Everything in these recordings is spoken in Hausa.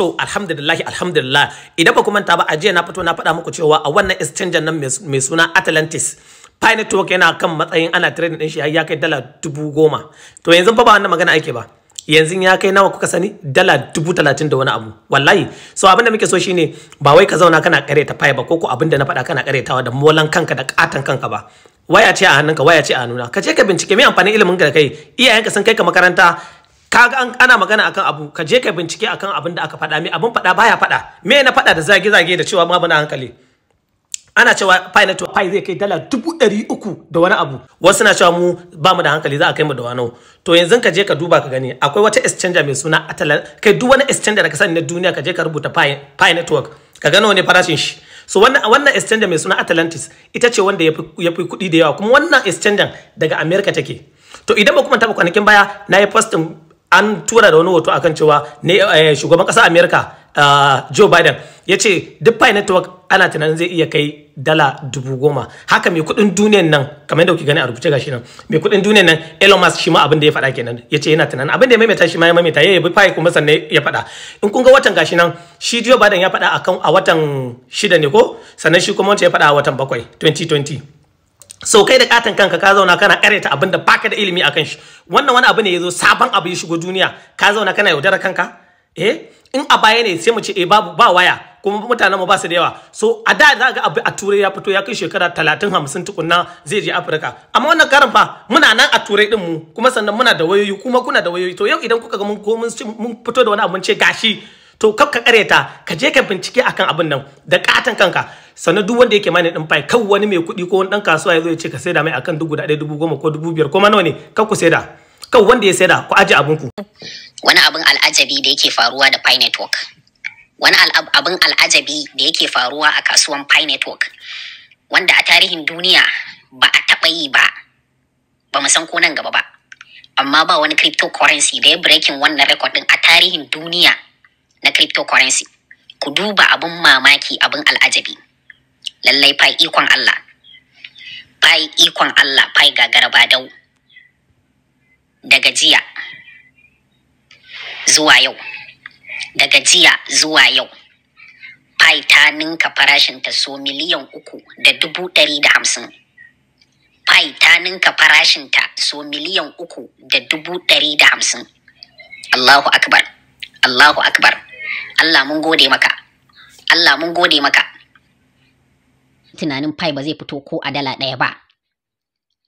to alhamdulillah alhamdulillah idan ba ku manta ba a na fito na faɗa muku cewa a wannan exchanger nan mai suna Atlantis Pi Network yana kan matsayin ana trading din shi har ya kai dala dubu goma to yanzu ba ba wannan magana ake ba yanzu ya kai nawa kuka sani dala dubu talatin da wani abu wallahi so abin da muke so shine ba wai ka zauna kana kareta faya ba ko ko abin da na faɗa kana karetawa da molan kanka da katan kanka ba waya ce a hannunka waya ce a nuna ka je ka bincike mai amfanin ilimin ka da kai iyayenka sun kai ka makaranta kaga an ana magana akan abu ka je ka bincike akan abin da aka faɗa me abin faɗa baya faɗa me na faɗa da zage zage da cewa ma bana hankali ana cewa pi na pi zai kai dala dubu ɗari uku da wani abu wasu na cewa mu ba mu da hankali za a kai mu da wani to yanzu ka je ka duba ka gani akwai wata exchanger mai suna atala kai duk wani exchanger da ka sani na duniya ka je ka rubuta pi network ka gano ne farashin shi so wannan wannan exchanger mai suna atlantis ita ce wanda ya fi kuɗi da yawa kuma wannan exchanger daga america take to idan ba kuma taɓa kwanakin baya na yi posting an tura da wani hoto akan cewa ne eh, shugaban ƙasar Amerika ah, Joe Biden ya ce duk Pi Network ana tunanin zai iya kai dala dubu goma haka mai kuɗin duniyan nan kamar yadda kuke gani a rubuce gashi nan mai kuɗin duniyan nan Elon Musk shi ma abin da ya faɗa kenan ya ce yana tunanin abin da ya maimaita shi ma ya maimaita ya bi Pi kuma sannan ya faɗa in kun ga watan gashi nan shi Joe Biden ya faɗa akan a watan shida ne ko sannan shi kuma wancan ya faɗa a watan bakwai 2020 so kai da katin kanka ka zauna kana karanta abinda da baka da ilimi akan shi wannan wani abu ne yazo sabon abu ya shigo duniya ka zauna kana yaudara kanka eh in a baya ne sai mu ce eh babu ba waya kuma mutanen mu ba su da yawa so a da za ga abu a turai ya fito ya kai shekara 30 50 tukunna zai je Afirka amma wannan karin fa muna nan a turai din mu kuma sannan muna da wayoyi kuma kuna da wayoyi to yau idan kuka ga mun ko mun fito da wani abu mun ce gashi to kakka kareta ka je ka bincike akan abin nan da katan kanka sannan duk wanda yake mani din fai kan wani mai kuɗi ko wani dan kasuwa ya zo ya ce ka saida mai akan dubu ɗaya dubu goma ko dubu biyar ko ma nawa ne kan ku saida kan wanda ya saida ku aje abun ku wani abin al'ajabi da yake faruwa da pi network wani abin al'ajabi da yake faruwa a kasuwan pi network wanda a tarihin duniya ba a taɓa yi ba ba mu san ko nan gaba ba amma ba wani cryptocurrency da ya breaking wannan record din a tarihin duniya na cryptocurrency ku duba abin mamaki abin al'ajabi lallai fai ikon Allah fai ikon Allah fai gagara dau daga jiya zuwa yau daga jiya zuwa yau fai ta ninka farashinta so miliyan uku da dubu ɗari da hamsin fai ta ninka farashinta so miliyan uku da dubu ɗari da hamsin Allahu akbar Allahu akbar Allah mun gode maka Allah mun gode maka tunanin fai ba zai fito ko a dala ɗaya ba.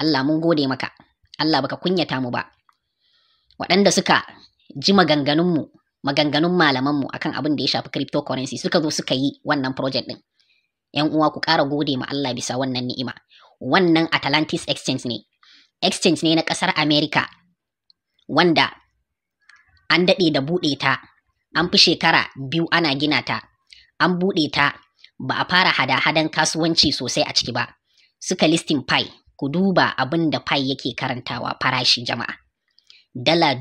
Allah mun gode maka, Allah baka kunyata mu ba. Waɗanda suka ji maganganunmu, maganganun malamanmu akan abin da ya shafi cryptocurrency suka zo suka yi wannan project ɗin. ‘Yan uwa ku ƙara gode ma Allah bisa wannan ni'ima. Wannan Atlantis Exchange ne, exchange ne na ƙasar amerika wanda an daɗe da buɗe ta, an fi shekara biyu ana gina ta, an buɗe ta ba a fara hada-hadan kasuwanci sosai a ciki ba. Suka listin Pi, ku duba abin da Pi yake karantawa farashi jama'a. Dala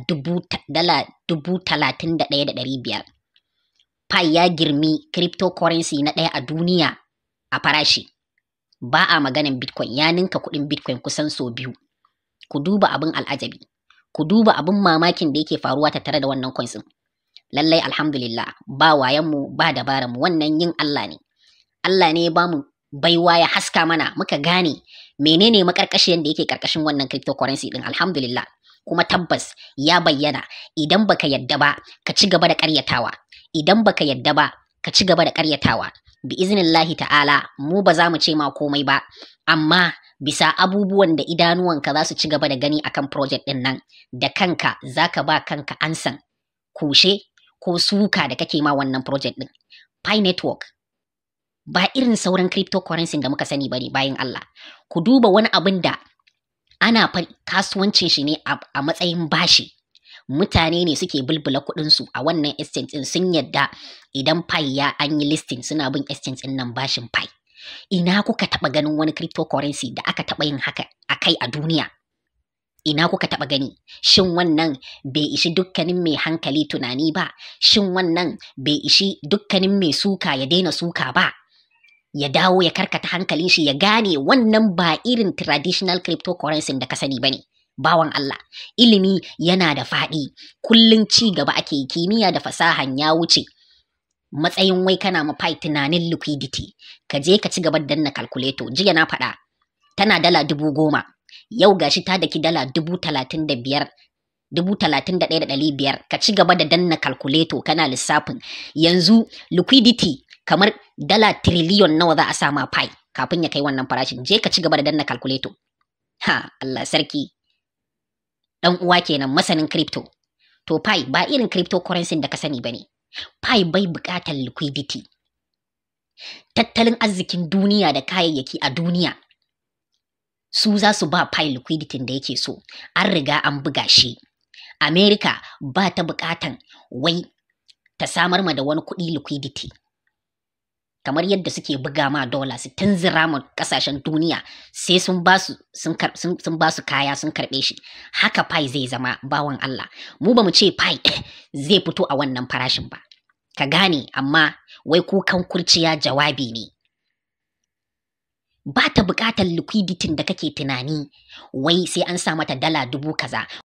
dubu, talatin da ɗaya da ɗari biyar. Pi ya girmi cryptocurrency na ɗaya a duniya a farashi. Ba a maganin Bitcoin, ya ninka kuɗin Bitcoin kusan sau biyu. Ku duba abin al'ajabi. Ku duba abin mamakin da yake faruwa ta tare da wannan coins Lallai alhamdulillah ba wayanmu ba dabaranmu wannan yin Allah ne. Allah ne ya bamu baiwa ya haska mana muka gane menene makarkashiyan da yake karkashin wannan cryptocurrency din alhamdulillah kuma tabbas ya bayyana idan baka yadda ba ka ci gaba da karyatawa idan baka yadda ba ka ci gaba da karyatawa bi iznillahi ta'ala mu ba za mu ce ma komai ba amma bisa abubuwan da idanuwanka za su ci gaba da gani akan project din nan da kanka zaka ba kanka ansan kushe ko suka da kake ma wannan project din pi network ba irin sauran cryptocurrency da muka sani bane bayan Allah ku duba wani abin da ana kasuwancin shi ne a matsayin bashi mutane ne suke bulbula kuɗinsu a wannan exchange din sun yadda idan pai ya an yi listing suna bin exchange din nan bashin pai ina kuka taɓa ganin wani cryptocurrency da aka taba yin haka a kai a duniya ina kuka taba gani shin wannan bai ishi dukkanin mai hankali tunani ba shin wannan bai ishi dukkanin mai suka ya daina suka ba ya dawo ya karkata hankalin shi ya gane wannan ba irin traditional cryptocurrency da ka sani bane bawan Allah ilimi yana da faɗi kullun ci gaba ake kimiyya da fasahan ya wuce matsayin wai kana mafai tunanin liquidity ka je ka ci gaba da danna calculator jiya na faɗa tana dala dubu goma yau gashi ta daki dala dubu talatin da biyar dubu talatin da ɗaya da ɗari biyar ka ci gaba da danna calculator kana lissafin yanzu liquidity kamar dala tiriliyon nawa za a sa ma pi kafin ya kai wannan farashin je ka ci gaba da danna calculator ha Allah sarki dan uwa kenan masanin crypto to pi ba irin cryptocurrency da ka sani bane pi bai bukatar liquidity tattalin arzikin duniya da kayayyaki a duniya su za su ba pi liquidity da yake so an riga an buga shi America ba ta bukatan wai ta samar ma da wani kuɗi liquidity kamar yadda suke buga ma dola su tunzura ma kasashen duniya sai sun ba su sun ba su kaya sun karbe shi haka pai zai zama bawan Allah mu ba mu ce pai zai fito a wannan farashin ba ka gane amma wai kukan kurciya jawabi ne ba ta bukatar liquidity da kake tunani wai sai an sa mata dala dubu kaza